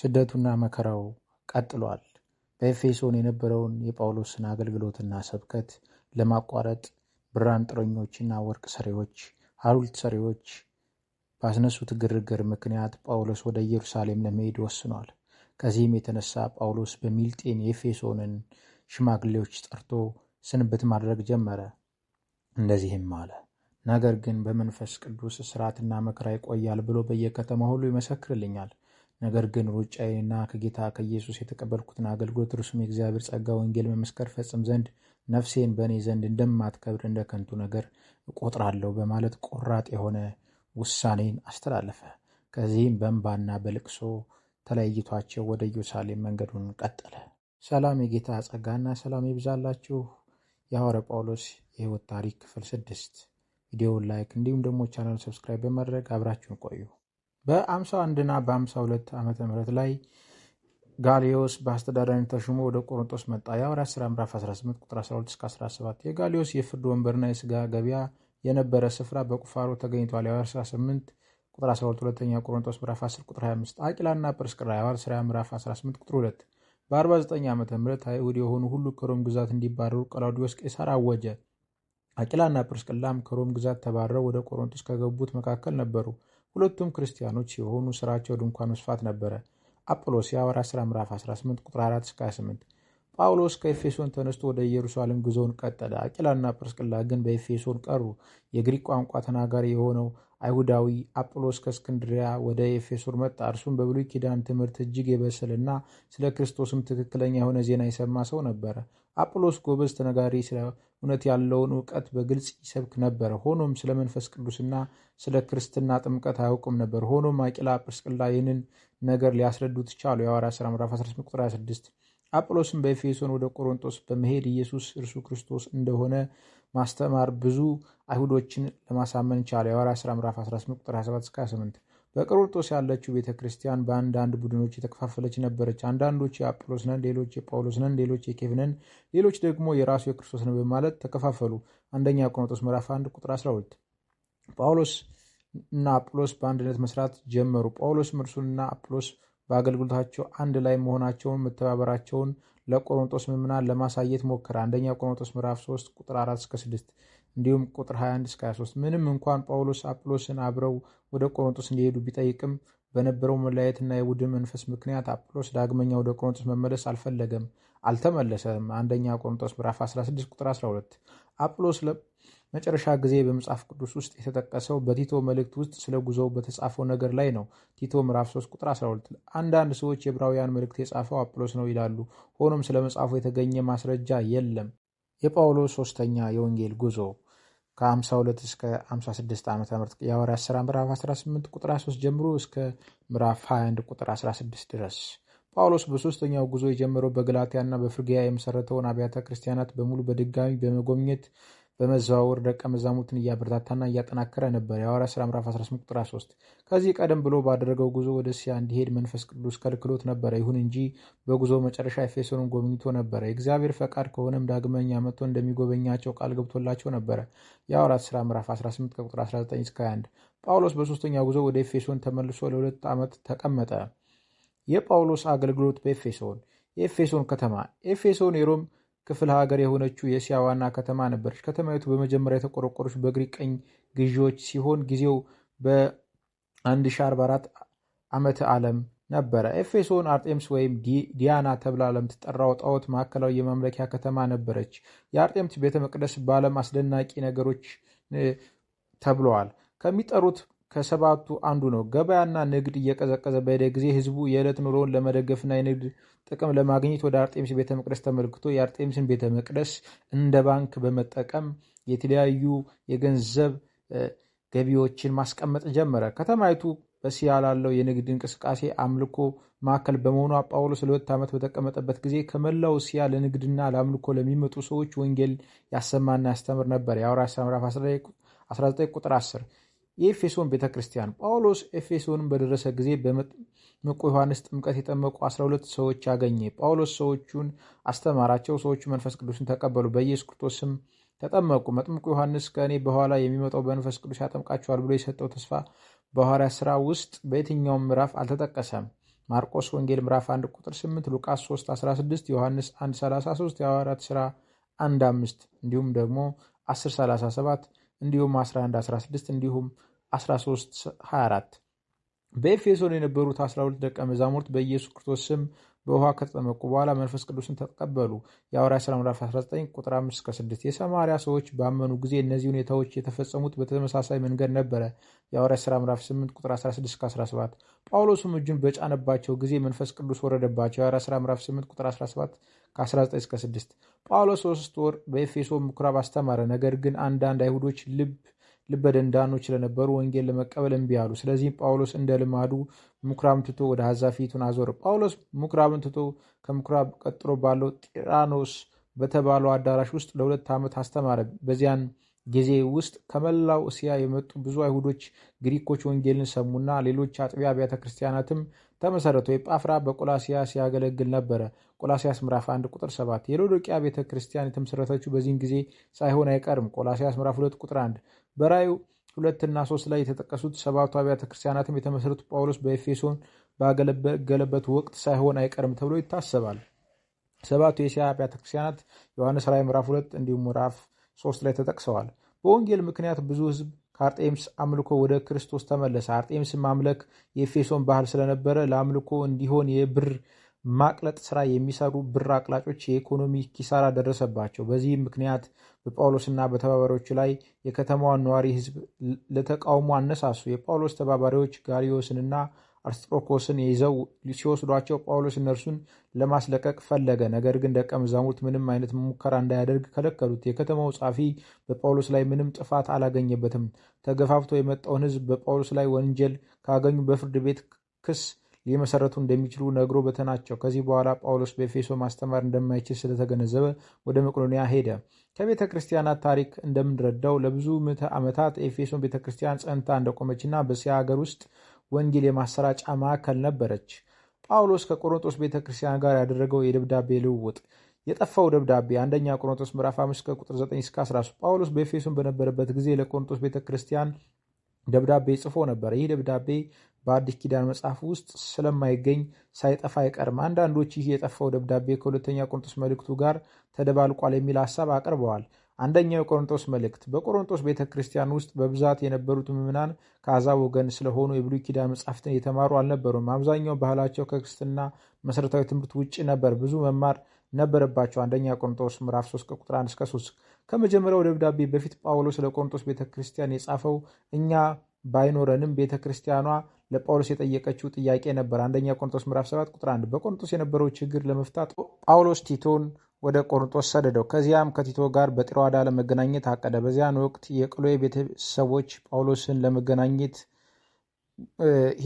ስደቱና መከራው ቀጥሏል። በኤፌሶን የነበረውን የጳውሎስን አገልግሎትና ስብከት ለማቋረጥ ብራን ጥረኞችና ወርቅ ሰሪዎች፣ ሐውልት ሰሪዎች ባስነሱት ግርግር ምክንያት ጳውሎስ ወደ ኢየሩሳሌም ለመሄድ ወስኗል። ከዚህም የተነሳ ጳውሎስ በሚልጤን የኤፌሶንን ሽማግሌዎች ጠርቶ ስንብት ማድረግ ጀመረ። እንደዚህም አለ፣ ነገር ግን በመንፈስ ቅዱስ እስራትና መከራ ይቆያል ብሎ በየከተማ ሁሉ ይመሰክርልኛል። ነገር ግን ሩጫዬና ከጌታ ከኢየሱስ የተቀበልኩትን አገልግሎት እርሱም የእግዚአብሔር ጸጋ ወንጌል መመስከር ፈጽም ዘንድ ነፍሴን በእኔ ዘንድ እንደማትከብድ እንደ ከንቱ ነገር እቆጥራለሁ በማለት ቆራጥ የሆነ ውሳኔን አስተላለፈ። ከዚህም በእንባና በልቅሶ ተለይቷቸው ወደ ኢየሩሳሌም መንገዱን ቀጠለ። ሰላም፣ የጌታ ጸጋና ሰላም ይብዛላችሁ። የሐዋርያ ጳውሎስ የሕይወት ታሪክ ክፍል ስድስት ቪዲዮውን ላይክ እንዲሁም ደግሞ ቻናል ሰብስክራይብ በማድረግ አብራችሁን ቆዩ። በ51 እና በ52 ዓ ም ላይ ጋሊዮስ በአስተዳዳሪ ተሹሞ ወደ ቆሮንጦስ መጣ። የሐዋርያት ሥራ ምዕራፍ 18 ቁጥር 12 እስከ 17 የጋሊዮስ የፍርድ ወንበርና የሥጋ ገበያ የነበረ ስፍራ በቁፋሮ ተገኝቷል። የሐዋርያት ሥራ 8 ቁጥር 12 ሁለተኛ ቆሮንቶስ ምዕራፍ 10 ቁጥር 25 አቂላና ጵርስቅላ የሐዋርያት ሥራ ምዕራፍ 18 ቁጥር 2 በ49 ዓመተ ም አይሁድ የሆኑ ሁሉ ከሮም ግዛት እንዲባረሩ ቀላውዲዮስ ቄሳር አወጀ። አቂላና ጵርስቅላም ከሮም ግዛት ተባረው ወደ ቆሮንቶስ ከገቡት መካከል ነበሩ። ሁለቱም ክርስቲያኖች የሆኑ ስራቸው ድንኳን መስፋት ነበረ። አጵሎስ የሐዋርያት ሥራ ምዕራፍ 18 ቁጥር 4 እስከ 28። ጳውሎስ ከኤፌሶን ተነስቶ ወደ ኢየሩሳሌም ጉዞውን ቀጠለ። አቂላና ጵርስቅላ ግን በኤፌሶን ቀሩ። የግሪክ ቋንቋ ተናጋሪ የሆነው አይሁዳዊ አጵሎስ ከእስክንድሪያ ወደ ኤፌሶን መጣ። እርሱም በብሉይ ኪዳን ትምህርት እጅግ የበሰለና ስለ ክርስቶስም ትክክለኛ የሆነ ዜና የሰማ ሰው ነበረ። አጵሎስ ጎበዝ ተነጋሪ፣ ስለ እውነት ያለውን እውቀት በግልጽ ይሰብክ ነበር። ሆኖም ስለ መንፈስ ቅዱስና ስለ ክርስትና ጥምቀት አያውቅም ነበር። ሆኖም አቂላ ጵርስቅላ ይህንን ነገር ሊያስረዱት ቻሉ። የሐዋርያት ሥራ ምዕራፍ 18 ቁጥር 26 አጵሎስም በኤፌሶን ወደ ቆሮንጦስ በመሄድ ኢየሱስ እርሱ ክርስቶስ እንደሆነ ማስተማር ብዙ አይሁዶችን ለማሳመን ቻለ። የሐዋርያት ሥራ ምዕራፍ 18 ቁጥር 27 እስከ 28 በቆሮንቶስ ያለችው ቤተ ክርስቲያን በአንዳንድ ቡድኖች የተከፋፈለች ነበረች። አንዳንዶች የአጵሎስ ነን፣ ሌሎች የጳውሎስ ነን፣ ሌሎች የኬፍነን፣ ሌሎች ደግሞ የራሱ የክርስቶስ ነን በማለት ተከፋፈሉ። አንደኛ ቆሮንቶስ ምዕራፍ 1 ቁጥር 12 ጳውሎስ እና አጵሎስ በአንድነት መስራት ጀመሩ። ጳውሎስ እርሱና አጵሎስ በአገልግሎታቸው አንድ ላይ መሆናቸውን መተባበራቸውን ለቆሮንቶስ ምዕመናን ለማሳየት ሞከረ። አንደኛ ቆሮንቶስ ምዕራፍ 3 ቁጥር 4 እስከ 6 እንዲሁም ቁጥር 21 እስከ 23 ምንም እንኳን ጳውሎስ አጵሎስን አብረው ወደ ቆሮንቶስ እንዲሄዱ ቢጠይቅም በነበረው መለያየትና የቡድን መንፈስ ምክንያት አጵሎስ ዳግመኛ ወደ ቆሮንቶስ መመለስ አልፈለገም፣ አልተመለሰም። አንደኛ ቆሮንቶስ ምዕራፍ 16 ቁጥር 12። አጵሎስ መጨረሻ ጊዜ በመጽሐፍ ቅዱስ ውስጥ የተጠቀሰው በቲቶ መልእክት ውስጥ ስለ ጉዞው በተጻፈው ነገር ላይ ነው። ቲቶ ምዕራፍ 3 ቁጥር 12። አንዳንድ ሰዎች የዕብራውያን መልእክት የጻፈው አጵሎስ ነው ይላሉ። ሆኖም ስለ መጽሐፉ የተገኘ ማስረጃ የለም። የጳውሎስ ሶስተኛ የወንጌል ጉዞ ከ52 እስከ 56 ዓ ም የሐዋርያት ሥራ ምዕራፍ 18 ቁጥር 3 ጀምሮ እስከ ምዕራፍ 21 ቁጥር 16 ድረስ ጳውሎስ በሶስተኛው ጉዞ የጀመረው በገላትያና በፍርግያ የመሠረተውን አብያተ ክርስቲያናት በሙሉ በድጋሚ በመጎብኘት በመዘዋወር ደቀ መዛሙርትን እያበረታታና እያጠናከረ ነበር። የሐዋርያት ሥራ ምዕራፍ 18 ቁጥር 13። ከዚህ ቀደም ብሎ ባደረገው ጉዞ ወደ እስያ እንዲሄድ መንፈስ ቅዱስ ከልክሎት ነበረ። ይሁን እንጂ በጉዞ መጨረሻ ኤፌሶንን ጎብኝቶ ነበረ። የእግዚአብሔር ፈቃድ ከሆነም ዳግመኛ መጥቶ እንደሚጎበኛቸው ቃል ገብቶላቸው ነበረ። የሐዋርያት ሥራ ምዕራፍ 18 ከቁጥር 19 እስከ 21። ጳውሎስ በሦስተኛ ጉዞ ወደ ኤፌሶን ተመልሶ ለሁለት ዓመት ተቀመጠ። የጳውሎስ አገልግሎት በኤፌሶን የኤፌሶን ከተማ ኤፌሶን የሮም ክፍለ ሀገር የሆነችው የእስያ ዋና ከተማ ነበረች። ከተማይቱ በመጀመሪያ የተቆረቆረች በግሪክ ቀኝ ግዢዎች ሲሆን ጊዜው በ1044 ዓመተ ዓለም ነበረ። ኤፌሶን አርጤምስ ወይም ዲያና ተብላ ለምትጠራው ጣዖት ማዕከላዊ የማምለኪያ ከተማ ነበረች። የአርጤምስ ቤተ መቅደስ በዓለም አስደናቂ ነገሮች ተብለዋል ከሚጠሩት ከሰባቱ አንዱ ነው። ገበያና ንግድ እየቀዘቀዘ በሄደ ጊዜ ህዝቡ የዕለት ኑሮውን ለመደገፍና የንግድ ጥቅም ለማግኘት ወደ አርጤምስ ቤተ መቅደስ ተመልክቶ የአርጤምስን ቤተ መቅደስ እንደ ባንክ በመጠቀም የተለያዩ የገንዘብ ገቢዎችን ማስቀመጥ ጀመረ። ከተማይቱ በሲያ ላለው የንግድ እንቅስቃሴ አምልኮ ማዕከል በመሆኗ ጳውሎስ ለሁለት ዓመት በተቀመጠበት ጊዜ ከመላው ሲያ ለንግድና ለአምልኮ ለሚመጡ ሰዎች ወንጌል ያሰማና ያስተምር ነበር። የሐዋርያት ሥራ ምዕራፍ 19 ቁጥር 10 የኤፌሶን ቤተ ክርስቲያን ጳውሎስ ኤፌሶንን በደረሰ ጊዜ በመጥምቁ ዮሐንስ ጥምቀት የጠመቁ 12 ሰዎች አገኘ። ጳውሎስ ሰዎቹን አስተማራቸው። ሰዎቹ መንፈስ ቅዱስን ተቀበሉ፣ በኢየሱስ ክርስቶስም ተጠመቁ። መጥምቁ ዮሐንስ ከእኔ በኋላ የሚመጣው በመንፈስ ቅዱስ ያጠምቃቸዋል ብሎ የሰጠው ተስፋ በሐዋርያት ሥራ ውስጥ በየትኛውም ምዕራፍ አልተጠቀሰም። ማርቆስ ወንጌል ምዕራፍ 1 ቁጥር 8፣ ሉቃስ 3 16፣ ዮሐንስ 1 33፣ የሐዋርያት ሥራ 1 5 እንዲሁም ደግሞ 10 37 እንዲሁም 11 16 እንዲሁም 1324 በኤፌሶን የነበሩት 12 ደቀ መዛሙርት በኢየሱስ ክርስቶስ ስም በውሃ ከተጠመቁ በኋላ መንፈስ ቅዱስን ተቀበሉ። የአውራ ሥራ ምዕራፍ 19 ቁጥር 5 እስከ 6 የሰማርያ ሰዎች ባመኑ ጊዜ እነዚህ ሁኔታዎች የተፈጸሙት በተመሳሳይ መንገድ ነበረ። የሐዋርያት ሥራ ምዕራፍ 8 ቁጥር 16 እስከ 17 ጳውሎስም እጁን በጫነባቸው ጊዜ መንፈስ ቅዱስ ወረደባቸው። የሐዋርያት ሥራ ምዕራፍ 8 ቁጥር 17 ከ19 እስከ 6 ጳውሎስ ሶስት ወር በኤፌሶ ምኩራብ አስተማረ። ነገር ግን አንዳንድ አይሁዶች ልብ ልበደንዳኖች ስለነበሩ ወንጌል ለመቀበል እምቢ አሉ። ስለዚህም ጳውሎስ እንደ ልማዱ ምኩራብን ትቶ ወደ አዛፊቱን ፊቱን አዞረ። ጳውሎስ ምኩራብን ትቶ ከምኩራብ ቀጥሎ ባለው ጢራኖስ በተባለው አዳራሽ ውስጥ ለሁለት ዓመት አስተማረ። በዚያን ጊዜ ውስጥ ከመላው እስያ የመጡ ብዙ አይሁዶች፣ ግሪኮች ወንጌልን ሰሙና ሌሎች አጥቢያ አብያተ ክርስቲያናትም ተመሰረተው ኤጳፍራ በቆላሲያ ሲያገለግል ነበረ። ቆላሲያስ ምዕራፍ 1 ቁጥር 7 የሎዶቅያ ቤተ ክርስቲያን የተመሰረተችው በዚህን ጊዜ ሳይሆን አይቀርም። ቆላሲያስ ምዕራፍ 2 ቁጥር 1 በራዩ ሁለት እና ሶስት ላይ የተጠቀሱት ሰባቱ አብያተ ክርስቲያናትም የተመሰረቱ ጳውሎስ በኤፌሶን ባገለገለበት ወቅት ሳይሆን አይቀርም ተብሎ ይታሰባል። ሰባቱ የእስያ አብያተ ክርስቲያናት ዮሐንስ ራእይ ምዕራፍ ሁለት እንዲሁም ምዕራፍ ሶስት ላይ ተጠቅሰዋል። በወንጌል ምክንያት ብዙ ህዝብ ከአርጤምስ አምልኮ ወደ ክርስቶስ ተመለሰ። አርጤምስ ማምለክ የኤፌሶን ባህል ስለነበረ ለአምልኮ እንዲሆን የብር ማቅለጥ ስራ የሚሰሩ ብር አቅላጮች የኢኮኖሚ ኪሳራ ደረሰባቸው። በዚህም ምክንያት በጳውሎስና በተባባሪዎቹ ላይ የከተማዋን ነዋሪ ህዝብ ለተቃውሞ አነሳሱ። የጳውሎስ ተባባሪዎች ጋሊዮስንና አርስጥሮኮስን ይዘው ሲወስዷቸው ጳውሎስ እነርሱን ለማስለቀቅ ፈለገ። ነገር ግን ደቀ መዛሙርት ምንም አይነት ሙከራ እንዳያደርግ ከለከሉት። የከተማው ጻፊ በጳውሎስ ላይ ምንም ጥፋት አላገኘበትም። ተገፋፍቶ የመጣውን ህዝብ በጳውሎስ ላይ ወንጀል ካገኙ በፍርድ ቤት ክስ ሊመሰረቱ እንደሚችሉ ነግሮ በተናቸው። ከዚህ በኋላ ጳውሎስ በኤፌሶ ማስተማር እንደማይችል ስለተገነዘበ ወደ መቄዶንያ ሄደ። ከቤተ ክርስቲያናት ታሪክ እንደምንረዳው ለብዙ ምዕተ ዓመታት ኤፌሶን ቤተ ክርስቲያን ጸንታ እንደቆመችና በእስያ ሀገር ውስጥ ወንጌል የማሰራጫ ማዕከል ነበረች። ጳውሎስ ከቆሮንጦስ ቤተ ክርስቲያን ጋር ያደረገው የደብዳቤ ልውውጥ የጠፋው ደብዳቤ አንደኛ ቆሮንቶስ ምዕራፍ 5 ከቁጥር 9 እስከ 13 ጳውሎስ በኤፌሶን በነበረበት ጊዜ ለቆሮንቶስ ቤተ ክርስቲያን ደብዳቤ ጽፎ ነበር። ይህ ደብዳቤ በአዲስ ኪዳን መጽሐፍ ውስጥ ስለማይገኝ ሳይጠፋ አይቀርም። አንዳንዶች ይህ የጠፋው ደብዳቤ ከሁለተኛ ቆሮንቶስ መልእክቱ ጋር ተደባልቋል የሚል ሀሳብ አቅርበዋል። አንደኛው የቆሮንቶስ መልእክት በቆሮንቶስ ቤተ ክርስቲያን ውስጥ በብዛት የነበሩት ምዕመናን ከአሕዛብ ወገን ስለሆኑ የብሉይ ኪዳን መጻሕፍትን የተማሩ አልነበሩም። አብዛኛው ባህላቸው ከክርስትና መሠረታዊ ትምህርት ውጭ ነበር። ብዙ መማር ነበረባቸው። አንደኛ ቆሮንቶስ ምዕራፍ 3 ቁጥር 1 እስከ 3። ከመጀመሪያው ደብዳቤ በፊት ጳውሎስ ለቆሮንቶስ ቤተ ክርስቲያን የጻፈው እኛ ባይኖረንም ቤተ ክርስቲያኗ ለጳውሎስ የጠየቀችው ጥያቄ ነበር። አንደኛ ቆሮንቶስ ምዕራፍ 7 ቁጥር 1 በቆሮንቶስ የነበረው ችግር ለመፍታት ጳውሎስ ቲቶን ወደ ቆሮንቶስ ሰደደው። ከዚያም ከቲቶ ጋር በጢሮአዳ ለመገናኘት አቀደ። በዚያን ወቅት የቅሎዬ ቤተሰቦች ጳውሎስን ለመገናኘት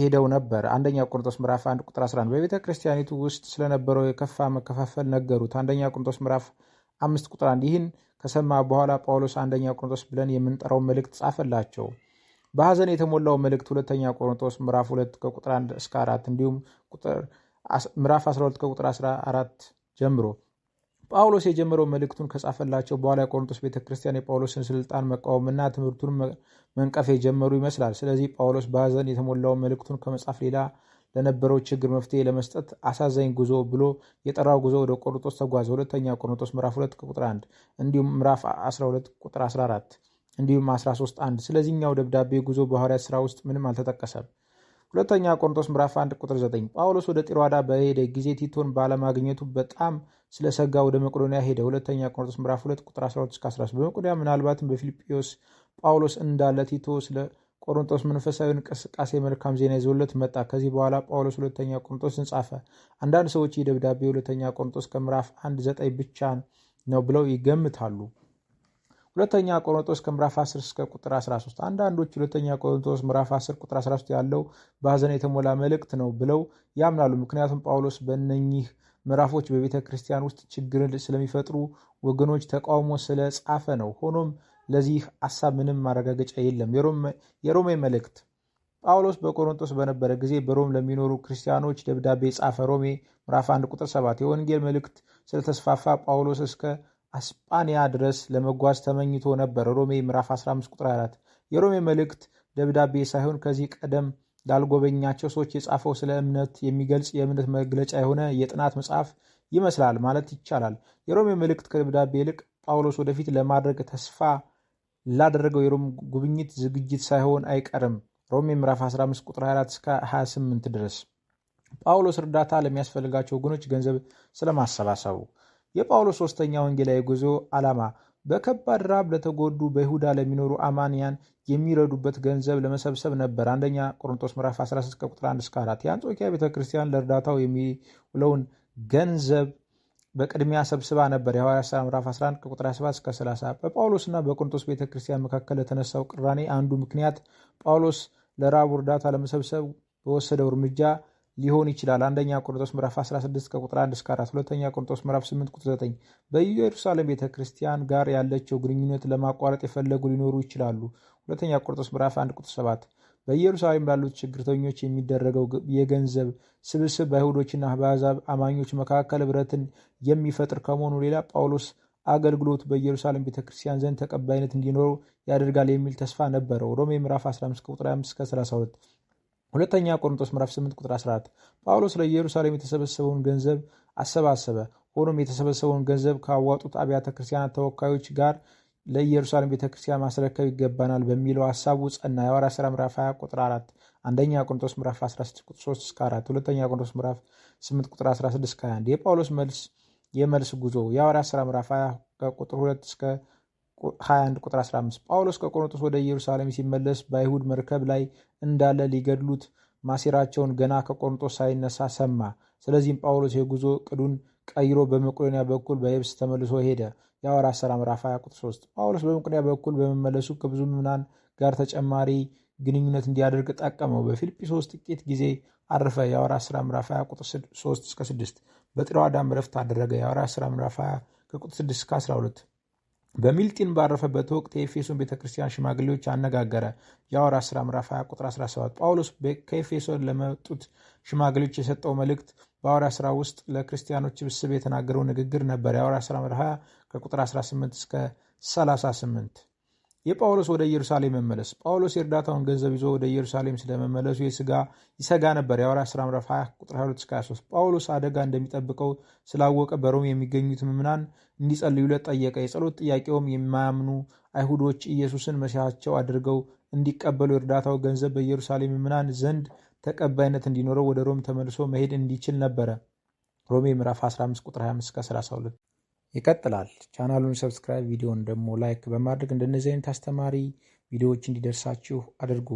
ሄደው ነበር። አንደኛ ቆሮንቶስ ምዕራፍ 1 ቁጥር 11 በቤተ ክርስቲያኒቱ ውስጥ ስለነበረው የከፋ መከፋፈል ነገሩት። አንደኛ ቆሮንቶስ ምዕራፍ 5 ቁጥር 1 ይህን ከሰማ በኋላ ጳውሎስ አንደኛ ቆሮንቶስ ብለን የምንጠራው መልእክት ጻፈላቸው። በሐዘን የተሞላው መልእክት ሁለተኛ ቆሮንቶስ ምዕራፍ 2 ከቁጥር 1 እስከ 4 እንዲሁም ምዕራፍ 12 ከቁጥር 14 ጀምሮ ጳውሎስ የጀመረው መልእክቱን ከጻፈላቸው በኋላ የቆሮንቶስ ቤተ ክርስቲያን የጳውሎስን ስልጣን መቃወምና ትምህርቱን መንቀፍ የጀመሩ ይመስላል። ስለዚህ ጳውሎስ በሐዘን የተሞላው መልእክቱን ከመጻፍ ሌላ ለነበረው ችግር መፍትሄ ለመስጠት አሳዛኝ ጉዞ ብሎ የጠራው ጉዞ ወደ ቆሮንቶስ ተጓዘ። ሁለተኛ ቆሮንቶስ ምዕራፍ 2 ቁጥር 1 እንዲሁም ምዕራፍ 12 ቁጥር 14 እንዲሁም 13 1 ስለዚህኛው ደብዳቤ ጉዞ በሐዋርያት ሥራ ውስጥ ምንም አልተጠቀሰም። ሁለተኛ ቆሮንቶስ ምዕራፍ 1 ቁጥር 9 ጳውሎስ ወደ ጢሮአዳ በሄደ ጊዜ ቲቶን ባለማግኘቱ በጣም ስለሰጋ ወደ መቄዶንያ ሄደ። ሁለተኛ ቆሮንቶስ ምዕራፍ 2 ቁጥር 12-13 በመቄዶንያ ምናልባትም በፊልጵዎስ ጳውሎስ እንዳለ ቲቶ ስለ ቆሮንቶስ መንፈሳዊ እንቅስቃሴ መልካም ዜና ይዞለት መጣ። ከዚህ በኋላ ጳውሎስ ሁለተኛ ቆሮንቶስን ጻፈ። አንዳንድ ሰዎች ይህ ደብዳቤ ሁለተኛ ቆሮንቶስ ከምዕራፍ 1 9 ብቻ ነው ብለው ይገምታሉ። ሁለተኛ ቆሮንቶስ ከምዕራፍ 10 እስከ ቁጥር 13 አንዳንዶች ሁለተኛ ቆሮንቶስ ምዕራፍ 10 ቁጥር 13 ያለው በሐዘን የተሞላ መልእክት ነው ብለው ያምናሉ። ምክንያቱም ጳውሎስ በእነኚህ ምዕራፎች በቤተ ክርስቲያን ውስጥ ችግርን ስለሚፈጥሩ ወገኖች ተቃውሞ ስለ ጻፈ ነው። ሆኖም ለዚህ ሐሳብ ምንም ማረጋገጫ የለም። የሮሜ መልእክት ጳውሎስ በቆሮንቶስ በነበረ ጊዜ በሮም ለሚኖሩ ክርስቲያኖች ደብዳቤ ጻፈ። ሮሜ ምዕራፍ 1 ቁጥር 7 የወንጌል መልእክት ስለተስፋፋ ጳውሎስ እስከ አስጳንያ ድረስ ለመጓዝ ተመኝቶ ነበር ሮሜ ምዕራፍ 15 ቁጥር 4 የሮሜ መልእክት ደብዳቤ ሳይሆን ከዚህ ቀደም ላልጎበኛቸው ሰዎች የጻፈው ስለ እምነት የሚገልጽ የእምነት መግለጫ የሆነ የጥናት መጽሐፍ ይመስላል ማለት ይቻላል። የሮሜ መልእክት ከደብዳቤ ይልቅ ጳውሎስ ወደፊት ለማድረግ ተስፋ ላደረገው የሮም ጉብኝት ዝግጅት ሳይሆን አይቀርም። ሮሜ ምዕራፍ 15 ቁጥር 24 እስከ 28 ድረስ ጳውሎስ እርዳታ ለሚያስፈልጋቸው ወገኖች ገንዘብ ስለማሰባሰቡ የጳውሎስ ሦስተኛ ወንጌላዊ ጉዞ ዓላማ በከባድ ራብ ለተጎዱ በይሁዳ ለሚኖሩ አማንያን የሚረዱበት ገንዘብ ለመሰብሰብ ነበር። አንደኛ ቆሮንቶስ ምዕራፍ 16 ቁጥር 1 እስከ 4 የአንጾኪያ ቤተ ክርስቲያን ለእርዳታው የሚውለውን ገንዘብ በቅድሚያ ሰብስባ ነበር። የሐዋርያት ሥራ ምዕራፍ 11 ቁጥር 27 እስከ 30። በጳውሎስና በቆሮንቶስ ቤተ ክርስቲያን መካከል ለተነሳው ቅራኔ አንዱ ምክንያት ጳውሎስ ለራቡ እርዳታ ለመሰብሰብ በወሰደው እርምጃ ሊሆን ይችላል። አንደኛ ቆሮንቶስ ምዕራፍ 16 ከቁጥር 1 እስከ 4፣ ሁለተኛ ቆሮንቶስ ምዕራፍ 8 ቁጥር 9። በኢየሩሳሌም ቤተ ክርስቲያን ጋር ያለቸው ግንኙነት ለማቋረጥ የፈለጉ ሊኖሩ ይችላሉ። ሁለተኛ ቆሮንቶስ ምዕራፍ 1 ቁጥር 7። በኢየሩሳሌም ላሉት ችግርተኞች የሚደረገው የገንዘብ ስብስብ በአይሁዶችና በአሕዛብ አማኞች መካከል ኅብረትን የሚፈጥር ከመሆኑ ሌላ ጳውሎስ አገልግሎት በኢየሩሳሌም ቤተክርስቲያን ዘንድ ተቀባይነት እንዲኖረው ያደርጋል የሚል ተስፋ ነበረው። ሮሜ ምዕራፍ 15 ቁጥር 5 እስከ 32 ሁለተኛ ቆሮንቶስ ምዕራፍ 8 ቁጥር 14 ጳውሎስ ለኢየሩሳሌም የተሰበሰበውን ገንዘብ አሰባሰበ። ሆኖም የተሰበሰበውን ገንዘብ ካዋጡት አብያተ ክርስቲያናት ተወካዮች ጋር ለኢየሩሳሌም ቤተ ክርስቲያን ማስረከብ ይገባናል በሚለው ሀሳቡ ጸና። የሐዋርያት ሥራ ምዕራፍ 20 ቁጥር 4፣ አንደኛ ቆሮንቶስ ምዕራፍ 16 ቁጥር 3 እስከ 4፣ ሁለተኛ ቆሮንቶስ ምዕራፍ 8 ቁጥር 16 እስከ 21። የጳውሎስ መልስ የመልስ ጉዞ የሐዋርያት ሥራ ምዕራፍ 20 ከቁጥር 2 እስከ 21 ቁጥር 15 ጳውሎስ ከቆሮንቶስ ወደ ኢየሩሳሌም ሲመለስ በአይሁድ መርከብ ላይ እንዳለ ሊገድሉት ማሴራቸውን ገና ከቆሮንቶስ ሳይነሳ ሰማ። ስለዚህም ጳውሎስ የጉዞ ቅዱን ቀይሮ በመቄዶንያ በኩል በየብስ ተመልሶ ሄደ። የሐዋርያት ሥራ ምዕራፍ 20 ቁጥር 3 ጳውሎስ በመቄዶንያ በኩል በመመለሱ ከብዙ ምዕመናን ጋር ተጨማሪ ግንኙነት እንዲያደርግ ጠቀመው። በፊልጵሶስ ጥቂት ጊዜ አረፈ። የሐዋርያት ሥራ ምዕራፍ 20 ቁጥር 3 እስከ 6 በጢሮአዳም ረፍት አደረገ። የሐዋርያት ሥራ ምዕራፍ 20 ከቁጥር 6 እስከ 12 በሚልጢን ባረፈበት ወቅት የኤፌሶን ቤተ ክርስቲያን ሽማግሌዎች አነጋገረ። የሐዋርያ ስራ ምዕራፍ 20 ቁጥር 17 ጳውሎስ ከኤፌሶን ለመጡት ሽማግሌዎች የሰጠው መልእክት በሐዋርያ ስራ ውስጥ ለክርስቲያኖች ስብስብ የተናገረው ንግግር ነበር። የሐዋርያ ሥራ ምዕራፍ 20 ከቁጥር 18 እስከ 38 የጳውሎስ ወደ ኢየሩሳሌም መመለስ ጳውሎስ የእርዳታውን ገንዘብ ይዞ ወደ ኢየሩሳሌም ስለመመለሱ የስጋ ይሰጋ ነበር። የሐዋርያት ሥራ ምዕራፍ 20 ቁጥር 22 እስከ 23 ጳውሎስ አደጋ እንደሚጠብቀው ስላወቀ በሮም የሚገኙት ምዕመናን እንዲጸልዩለት ጠየቀ። የጸሎት ጥያቄውም የማያምኑ አይሁዶች ኢየሱስን መሲያቸው አድርገው እንዲቀበሉ የእርዳታው ገንዘብ በኢየሩሳሌም ምዕመናን ዘንድ ተቀባይነት እንዲኖረው ወደ ሮም ተመልሶ መሄድ እንዲችል ነበረ። ሮሜ ምዕራፍ 15 ቁጥር 25 እስከ 32 ይቀጥላል። ቻናሉን ሰብስክራይብ፣ ቪዲዮን ደግሞ ላይክ በማድረግ እንደነዚህ አይነት አስተማሪ ቪዲዮዎች እንዲደርሳችሁ አድርጉ።